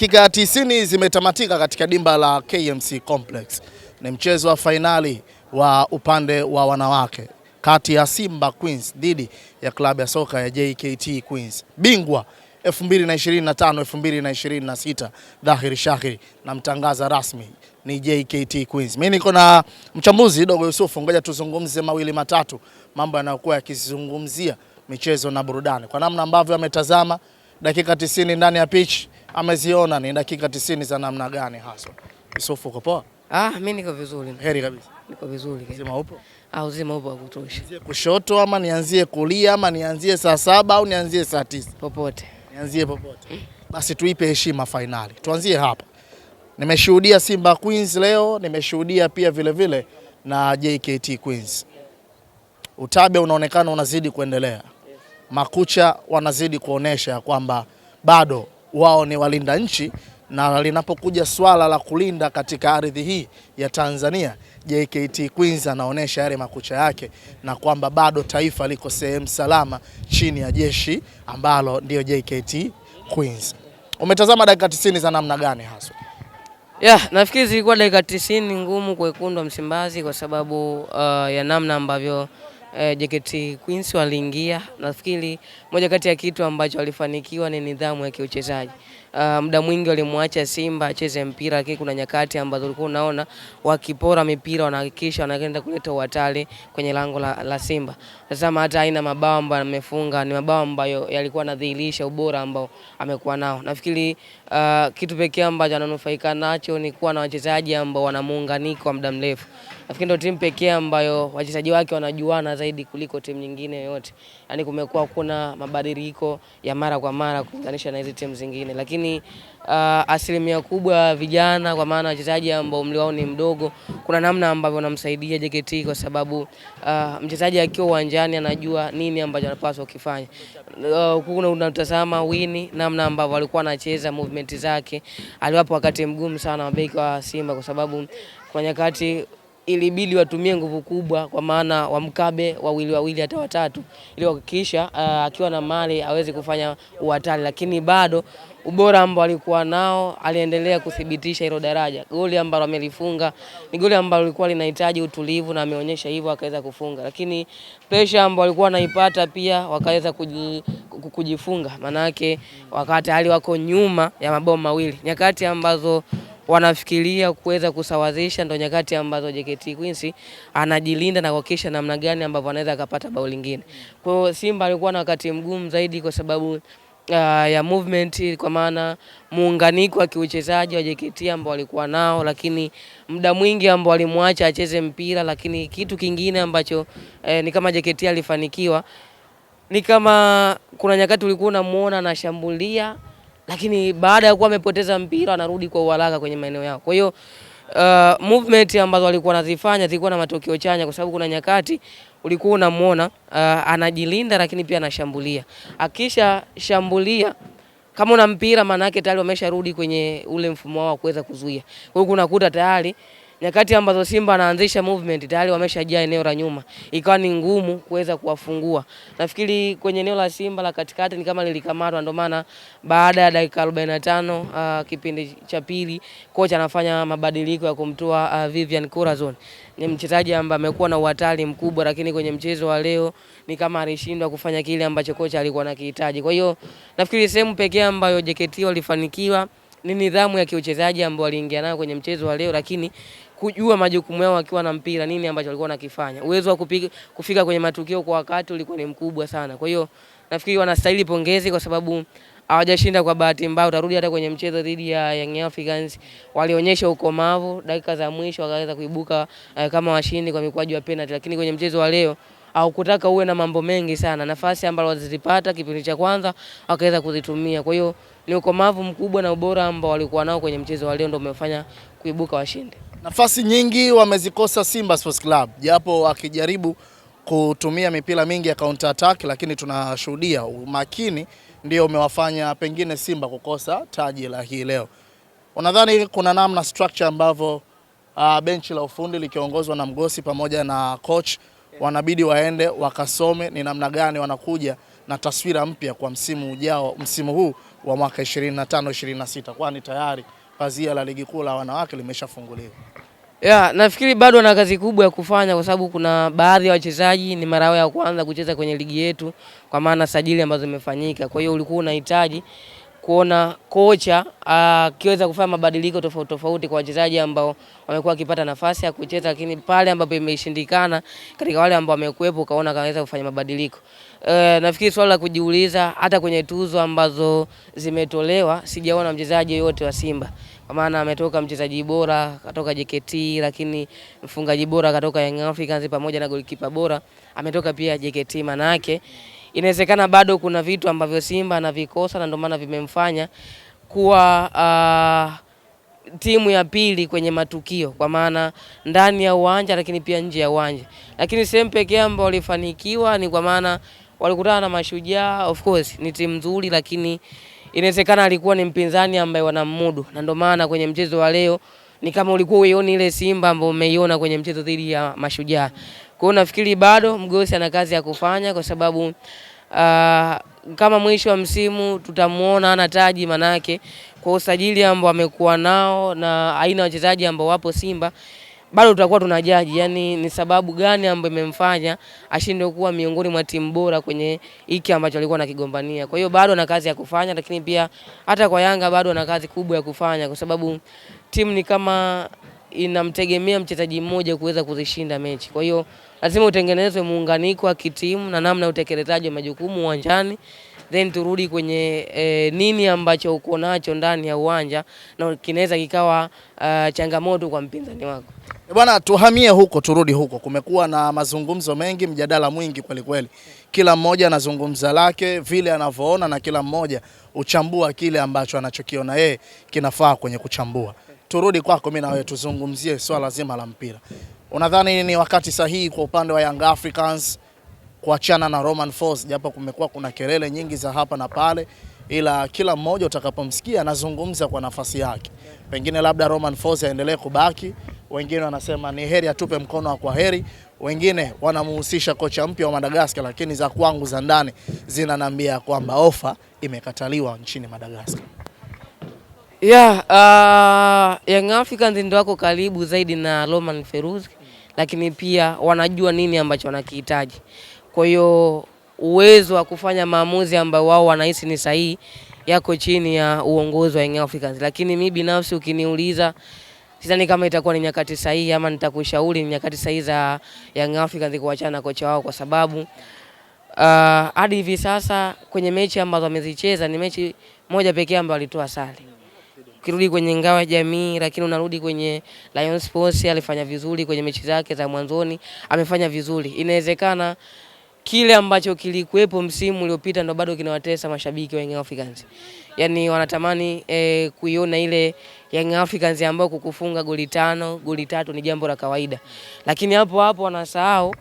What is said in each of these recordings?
dakika 90 zimetamatika katika dimba la KMC Complex. Ni mchezo wa fainali wa upande wa wanawake kati ya Simba Queens dhidi ya klabu ya soka ya JKT Queens, bingwa 2025 2026, dhahiri shahiri na mtangaza rasmi ni JKT Queens. Mimi niko na mchambuzi Dogo Yusufu, ngoja tuzungumze mawili matatu mambo yanayokuwa yakizungumzia michezo na burudani, kwa namna ambavyo ametazama dakika 90 ndani ya pitch ameziona ni dakika 90 za namna gani haswa. Yusufu, uko poa? Ah, mimi niko vizuri. Heri kabisa. Niko vizuri. Uzima upo? Ah, uzima upo wa kutosha. Nianzie kushoto ama nianzie kulia ama nianzie saa saba au nianzie saa tisa? Popote. Nianzie popote. Basi tuipe heshima fainali. Tuanzie hapa. Nimeshuhudia Simba Queens leo, nimeshuhudia pia vile vile na JKT Queens. Utabe unaonekana unazidi kuendelea. Makucha wanazidi kuonesha kwamba bado wao ni walinda nchi, na linapokuja swala la kulinda katika ardhi hii ya Tanzania, JKT Queens anaonyesha yale makucha yake na kwamba bado taifa liko sehemu salama chini ya jeshi ambalo ndio JKT Queens. Umetazama dakika 90 za namna gani haswa Yeah, nafikiri zilikuwa dakika 90 ngumu kwa wekundu wa Msimbazi kwa sababu uh, ya namna ambavyo eh, JKT Queens waliingia. Nafikiri moja kati ya kitu ambacho walifanikiwa ni nidhamu ya kiuchezaji. Uh, muda mwingi walimwacha Simba acheze mpira, lakini kuna nyakati ambazo ulikuwa unaona wakipora mipira wanahakikisha wanaenda kuleta uhatari kwenye lango la, la Simba. Tazama hata aina mabao ambayo amefunga ni mabao ambayo yalikuwa yanadhihirisha ubora ambao amekuwa nao. Nafikiri Uh, kitu pekee ambacho ananufaika nacho ni kuwa na wachezaji ambao wana muunganiko wa muda mrefu. Nafikiri ndio timu pekee ambayo wachezaji wake wanajuana zaidi kuliko timu nyingine yote. Yaani kumekuwa kuna mabadiliko ya mara kwa mara kulinganisha na hizi timu zingine, lakini uh, asilimia kubwa vijana, kwa maana wachezaji ambao umri wao ni mdogo, kuna namna ambavyo wanamsaidia JKT kwa sababu uh, mchezaji akiwa uwanjani anajua nini ambacho anapaswa kufanya. Uh, kuna unatazama Wini namna ambavyo alikuwa anacheza movement management zake aliwapo wakati mgumu sana mabeki wa Simba kwa sababu kwa nyakati ilibidi watumie nguvu kubwa, kwa maana wamkabe wawili wawili hata watatu, ili kuhakikisha uh, akiwa na mali aweze kufanya uhatari, lakini bado ubora ambao alikuwa nao, aliendelea kuthibitisha hilo daraja. Goli ambalo amelifunga ni goli ambalo lilikuwa linahitaji utulivu na ameonyesha hivyo, akaweza kufunga, lakini pressure ambao alikuwa anaipata pia wakaweza kujifunga, manake wakati hali wako nyuma ya mabao mawili, nyakati ambazo wanafikiria kuweza kusawazisha ndo nyakati ambazo JKT Queens anajilinda na kuhakikisha namna gani ambavyo anaweza akapata bao lingine. Kwa hiyo Simba alikuwa na wakati mgumu zaidi kwa sababu uh, ya movement kwa maana muunganiko wa kiuchezaji wa JKT ambao walikuwa nao, lakini muda mwingi ambao alimwacha acheze mpira. Lakini kitu kingine ambacho eh, ni kama JKT alifanikiwa ni kama kuna nyakati ulikuwa unamuona anashambulia, lakini baada ya kuwa amepoteza mpira anarudi kwa uharaka kwenye maeneo yao. Kwa hiyo uh, movement ambazo walikuwa wanazifanya zilikuwa na matokeo chanya, kwa sababu kuna nyakati ulikuwa unamuona uh, anajilinda lakini pia anashambulia. Akisha shambulia kama una mpira maana yake tayari wamesharudi kwenye ule mfumo wao wa kuweza kuzuia. Kwa hiyo unakuta tayari nyakati ambazo Simba anaanzisha movement tayari wameshajaa eneo la nyuma, ikawa ni ngumu kuweza kuwafungua. Nafikiri kwenye eneo la Simba la katikati ni kama lilikamatwa, ndio maana baada ya dakika 45 uh, ah, kipindi cha pili kocha anafanya mabadiliko ya kumtoa uh, ah, Vivian Corazon. Ni mchezaji ambaye amekuwa na uhatari mkubwa, lakini kwenye mchezo wa leo ni kama alishindwa kufanya kile ambacho kocha alikuwa anakihitaji. Kwa hiyo nafikiri sehemu pekee ambayo JKT walifanikiwa ni nidhamu ya kiuchezaji ambao waliingia nayo kwenye mchezo wa leo, lakini kujua majukumu yao wakiwa na mpira, nini ambacho walikuwa wanakifanya. Uwezo wa kupiga, kufika kwenye matukio kwa wakati ulikuwa ni mkubwa sana. Kwa hiyo nafikiri wanastahili pongezi kwa sababu hawajashinda kwa bahati mbaya. Utarudi hata kwenye mchezo dhidi ya Young Africans, walionyesha ukomavu dakika za mwisho, wakaweza kuibuka uh, kama washindi kwa mikwaju ya penalty, lakini kwenye mchezo wa leo au kutaka uwe na mambo mengi sana. Nafasi ambazo walizipata kipindi cha kwanza wakaweza kuzitumia. Kwa hiyo ni ukomavu mkubwa na ubora ambao walikuwa nao kwenye mchezo wa leo ndio umefanya kuibuka washindi. Nafasi nyingi wamezikosa Simba Sports Club, japo wakijaribu kutumia mipira mingi ya counter attack, lakini tunashuhudia umakini ndio umewafanya pengine Simba kukosa taji la hii leo. Unadhani kuna namna structure ambavyo uh, benchi la ufundi likiongozwa na Mgosi pamoja na coach wanabidi waende wakasome ni namna gani wanakuja na taswira mpya kwa msimu ujao, msimu huu wa mwaka 25 26 kwani tayari pazia la ligi kuu la wanawake limeshafunguliwa. Yeah, nafikiri bado wana kazi kubwa ya kufanya kwa sababu kuna baadhi ya wa wachezaji ni mara yao ya kwanza kucheza kwenye ligi yetu kwa maana sajili ambazo zimefanyika. Kwa hiyo ulikuwa unahitaji kuona kocha ah, akiweza kufanya mabadiliko tofauti tofauti kwa wachezaji ambao wamekuwa wakipata nafasi ya kucheza, lakini pale ambapo imeshindikana katika wale ambao wamekuwepo, kaona kaweza kufanya mabadiliko. Eh, nafikiri swala la kujiuliza hata kwenye tuzo ambazo zimetolewa sijaona mchezaji yoyote wa Simba, kwa maana ametoka mchezaji bora katoka JKT, lakini mfungaji bora katoka Young Africans pamoja na golikipa bora ametoka pia JKT. Maana yake inawezekana bado kuna vitu ambavyo Simba anavikosa na ndio maana vimemfanya kuwa uh, timu ya pili kwenye matukio kwa maana ndani ya uwanja, lakini pia nje ya uwanja. Lakini sehemu pekee ambayo walifanikiwa ni kwa maana walikutana na Mashujaa. Of course ni timu nzuri, lakini inawezekana alikuwa ni mpinzani ambaye wanamudu, na ndio maana kwenye mchezo wa leo ni kama ulikuwa uioni ile Simba ambayo umeiona kwenye mchezo dhidi ya Mashujaa. Kwa hiyo nafikiri bado Mgosi ana kazi ya kufanya kwa sababu uh, kama mwisho wa msimu tutamuona ana taji, manake kwa usajili ambao amekuwa nao na aina ya wachezaji ambao wapo Simba bado tutakuwa tunajaji yani ni sababu gani ambayo imemfanya ashinde kuwa miongoni mwa timu bora kwenye hiki ambacho alikuwa anakigombania. Kwa hiyo bado ana kazi ya kufanya, lakini pia hata kwa Yanga bado ana kazi kubwa ya kufanya, kwa sababu timu ni kama inamtegemea mchezaji mmoja kuweza kuzishinda mechi. Kwa hiyo lazima utengenezwe muunganiko wa kitimu na namna utekelezaji wa majukumu uwanjani then turudi kwenye e, nini ambacho uko nacho ndani ya uwanja na kinaweza kikawa uh, changamoto kwa mpinzani wako. Eh, bwana, tuhamie huko, turudi huko. Kumekuwa na mazungumzo mengi, mjadala mwingi kweli kweli, kila mmoja anazungumza lake vile anavyoona, na kila mmoja uchambua kile ambacho anachokiona yeye kinafaa kwenye kuchambua. Turudi kwako, mimi na wewe tuzungumzie swala zima la mpira. Unadhani ni wakati sahihi kwa upande wa Young Africans kuachana na Roman Force, japo kumekuwa kuna kelele nyingi za hapa na pale, ila kila mmoja utakapomsikia anazungumza kwa nafasi yake. Pengine labda Roman Force aendelee kubaki, wengine wanasema ni heri atupe mkono wa kwa heri, wengine wanamhusisha kocha mpya wa Madagascar, lakini za kwangu za ndani zinanambia kwamba ofa imekataliwa nchini Madagascar. Yeah, uh, Young Africans ndio wako karibu zaidi na Roman Feruzi, lakini pia wanajua nini ambacho wanakihitaji. Kwa hiyo uwezo wa kufanya maamuzi ambayo wao wanahisi ni sahihi yako chini ya uongozi wa Young Africans, lakini mi binafsi ukiniuliza, sidhani kama itakuwa ni nyakati sahihi ama nitakushauri ni nyakati sahihi za Young Africans kuachana na kocha wao, kwa sababu uh, hadi uh, hivi sasa kwenye mechi ambazo wamezicheza ni mechi moja pekee ambayo walitoa sare. Ukirudi kwenye Ngawa jamii, lakini unarudi kwenye Lions Sports, alifanya vizuri kwenye mechi zake za mwanzoni, amefanya vizuri, inawezekana kile ambacho kilikuwepo msimu uliopita ndo bado kinawatesa mashabiki wa Young Africans. Yaani wanatamani e, kuiona ile Young Africans ambayo kukufunga goli tano, goli tatu ni jambo la kawaida. Lakini hapo hapo wanasahau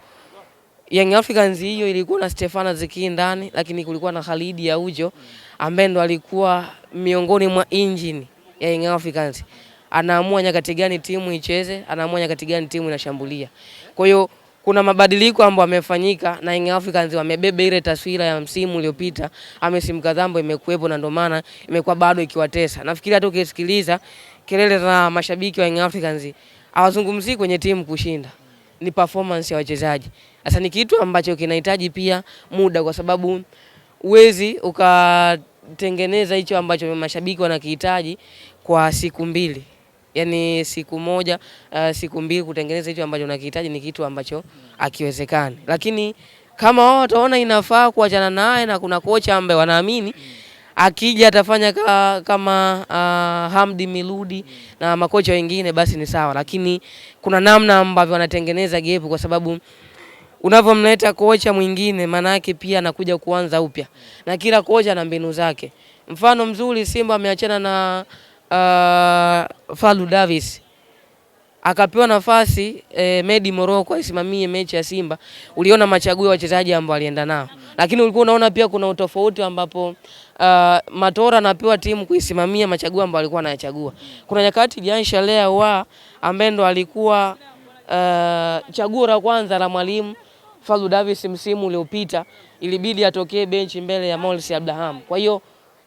Young Africans hiyo ilikuwa na Stefano Ziki ndani, lakini kulikuwa na Khalidi ya Ujo ambaye ndo alikuwa miongoni mwa engine ya Young Africans. Anaamua nyakati gani timu icheze, anaamua nyakati gani timu inashambulia. Kwa hiyo kuna mabadiliko ambayo yamefanyika na Young Africans wamebeba ile taswira ya msimu uliopita, amesimu kadhambo imekuepo na ndio maana imekuwa bado ikiwatesa. Nafikiri hata ukisikiliza kelele za mashabiki wa Young Africans hawazungumzii kwenye timu kushinda, ni performance ya wachezaji. Sasa ni kitu ambacho kinahitaji pia muda, kwa sababu uwezi ukatengeneza hicho ambacho mashabiki wanakihitaji kwa siku mbili yani siku moja uh, siku mbili kutengeneza hicho ambacho unakihitaji ni kitu ambacho akiwezekani, lakini kama wao wataona inafaa kuachana naye na kuna kocha ambaye wanaamini akija atafanya ka, kama uh, Hamdi Miludi na makocha wengine basi ni sawa, lakini kuna namna ambavyo wanatengeneza gepu, kwa sababu unavyomleta kocha mwingine maana yake pia anakuja kuanza upya, na kila kocha na mbinu zake. Mfano mzuri Simba ameachana na uh, Falu Davis akapewa nafasi eh, Medi Moroko aisimamie mechi ya Simba, uliona machaguo ya wachezaji ambao alienda nao, lakini ulikuwa unaona pia kuna utofauti ambapo uh, Matora anapewa timu kuisimamia machaguo ambayo alikuwa anayachagua. Kuna nyakati Jean Shalea wa ambaye ndo alikuwa uh, chaguo la kwanza la mwalimu Falu Davis msimu uliopita, ilibidi atokee benchi mbele ya Morris Abraham. Kwa hiyo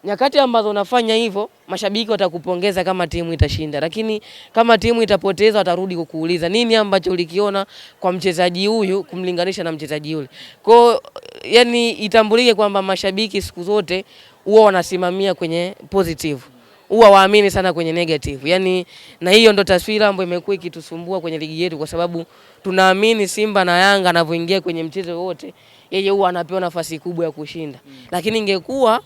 nyakati ambazo unafanya hivyo, mashabiki watakupongeza kama timu itashinda, lakini kama timu itapoteza, watarudi kukuuliza nini ambacho ulikiona kwa mchezaji huyu kumlinganisha na mchezaji yule. Kwa yani, itambulike kwamba mashabiki siku zote huwa wanasimamia kwenye positive, huwa waamini sana kwenye negative. Yani, na hiyo ndo taswira ambayo imekuwa ikitusumbua kwenye ligi yetu, kwa sababu tunaamini Simba na Yanga anavyoingia kwenye mchezo wote, yeye huwa anapewa nafasi kubwa ya kushinda, lakini ingekuwa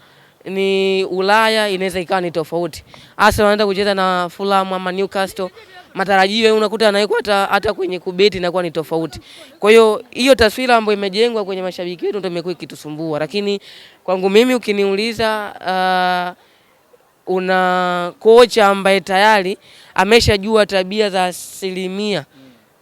ni Ulaya inaweza ikawa ni tofauti. Arsenal wanaenda kucheza na Fulham ama Newcastle, matarajio unakuta anaikuwa hata kwenye kubeti inakuwa ni tofauti. Kwa hiyo hiyo taswira ambayo imejengwa kwenye mashabiki wetu ndio imekuwa ikitusumbua, lakini kwangu mimi ukiniuliza, uh, una kocha ambaye tayari ameshajua tabia za asilimia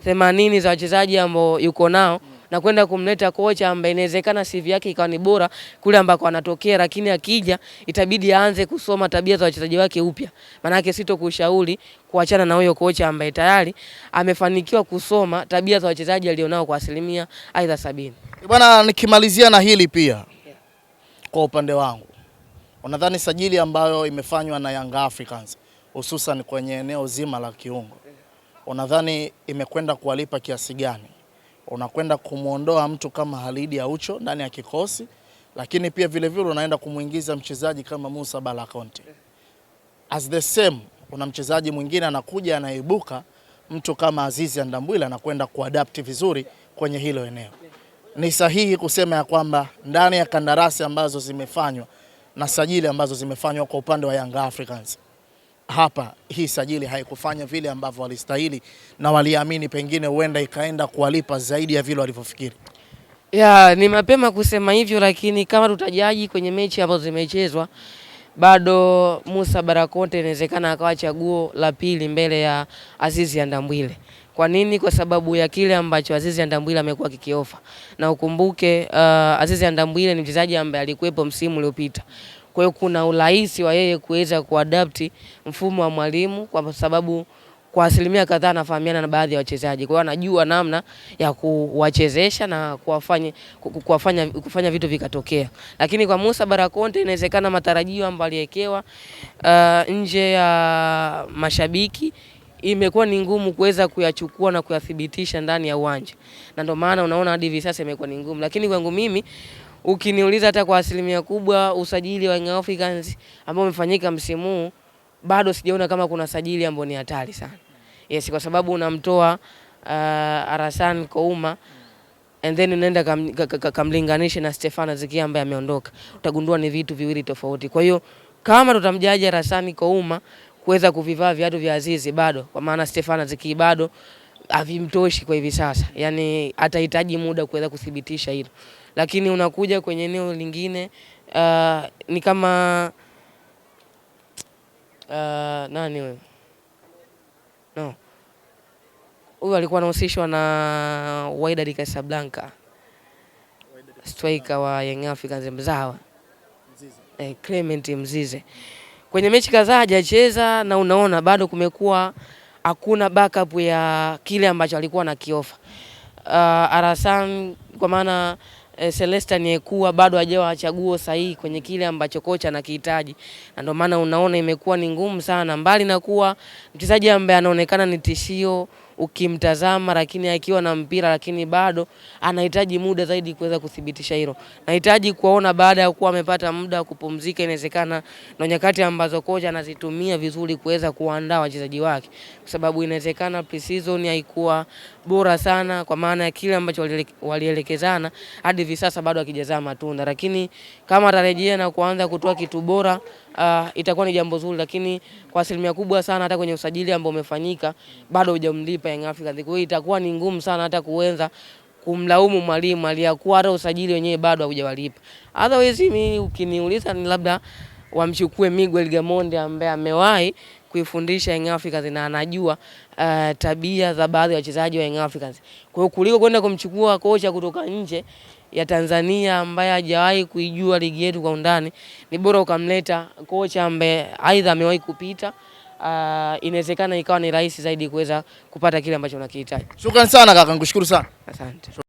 themanini za wachezaji ambao yuko nao na kwenda kumleta kocha ambaye inawezekana CV yake ikawa ni bora kule ambako anatokea, lakini akija itabidi aanze kusoma tabia za wachezaji wake upya. Maana yake sitokushauri kuachana na huyo kocha ambaye tayari amefanikiwa kusoma tabia za wachezaji alionao kwa asilimia aidha sabini. Eh, bwana, nikimalizia na hili pia kwa upande wangu, unadhani sajili ambayo imefanywa na Young Africans hususan kwenye eneo zima la kiungo, unadhani imekwenda kuwalipa kiasi gani? unakwenda kumwondoa mtu kama Halidi Aucho ndani ya kikosi, lakini pia vilevile unaenda kumwingiza mchezaji kama Musa Balakonte. As the same, kuna mchezaji mwingine anakuja anaibuka mtu kama Azizi Andambwile anakwenda kuadapti vizuri kwenye hilo eneo. Ni sahihi kusema ya kwamba ndani ya kandarasi ambazo zimefanywa na sajili ambazo zimefanywa kwa upande wa Young Africans hapa hii sajili haikufanya vile ambavyo walistahili na waliamini, pengine huenda ikaenda kuwalipa zaidi ya vile walivyofikiri. Ya, ni mapema kusema hivyo, lakini kama tutajaji kwenye mechi ambazo zimechezwa bado Musa Barakonte inawezekana akawa chaguo la pili mbele ya Azizi ya Ndambwile. Kwa nini? Kwa sababu ya kile ambacho Azizi ya Ndambwile amekuwa kikiofa, na ukumbuke uh, Azizi ya Ndambwile ni mchezaji ambaye alikuwepo msimu uliopita kwa hiyo kuna urahisi wa yeye kuweza kuadapti mfumo wa mwalimu kwa sababu kwa asilimia kadhaa anafahamiana na baadhi ya wachezaji, kwa hiyo anajua namna ya kuwachezesha na kuwafanya, kuwafanya, kufanya vitu vikatokea. Lakini kwa Musa Barakonte inawezekana matarajio ambayo aliwekewa uh, nje ya uh, mashabiki imekuwa ni ngumu kuweza kuyachukua na kuyathibitisha ndani ya uwanja, na ndio maana unaona hadi hivi sasa imekuwa ni ngumu, lakini kwangu mimi ukiniuliza hata kwa asilimia kubwa usajili wa Young Africans ambao umefanyika msimu huu bado sijaona kama kuna sajili ambao ni hatari sana. Yes, kwa sababu unamtoa uh, Arasan Kouma and then unaenda kamlinganishe kam, kam na Stefano Zikia ambaye ameondoka, utagundua ni vitu viwili tofauti. Kwa hiyo kama tutamjaja Arasan Kouma kuweza kuvivaa viatu vya Azizi bado, kwa maana Stefano Zikia bado havimtoshi kwa hivi sasa, yani atahitaji muda kuweza kuthibitisha hilo lakini unakuja kwenye eneo lingine uh, ni kama uh, nani huyo no huyu alikuwa anahusishwa na Wydad Casablanca striker wa Young Africans mzawa Mzize. Eh, Clement Mzize kwenye mechi kadhaa hajacheza na unaona bado kumekuwa hakuna backup ya kile ambacho alikuwa na kiofa uh, Arasan kwa maana e, eh, Celesta niyekuwa bado hajawa chaguo sahihi kwenye kile ambacho kocha anakihitaji, na ndio maana unaona imekuwa ni ngumu sana, mbali na kuwa mchezaji ambaye anaonekana ni tishio ukimtazama, lakini akiwa na mpira, lakini bado anahitaji muda zaidi kuweza kuthibitisha hilo. Nahitaji kuona baada ya kuwa amepata muda wa kupumzika, inawezekana na nyakati ambazo kocha anazitumia vizuri kuweza kuandaa wachezaji wake, kwa sababu inawezekana pre-season haikuwa bora sana, kwa maana ya kile ambacho walielekezana hadi hivi sasa bado akijazaa matunda, lakini kama atarejea na kuanza kutoa kitu bora uh, itakuwa ni jambo zuri, lakini kwa asilimia kubwa sana hata kwenye usajili ambao umefanyika bado hujamlipa Young Africans. Kwa hiyo itakuwa ni ngumu sana hata kuweza kumlaumu mwalimu aliyakuwa hata usajili wenyewe bado haujawalipa. Otherwise mimi ukiniuliza, ni labda wamchukue Miguel Gamonde ambaye amewahi kuifundisha Young Africans na anajua uh, tabia za baadhi ya wachezaji wa Young Africans. Kwa hiyo kuliko kwenda kumchukua kocha kutoka nje ya Tanzania ambaye hajawahi kuijua ligi yetu kwa undani, ni bora ukamleta kocha ambaye aidha amewahi kupita. Uh, inawezekana ikawa ni rahisi zaidi kuweza kupata kile ambacho unakihitaji. Shukrani sana kaka, nikushukuru sana. Asante.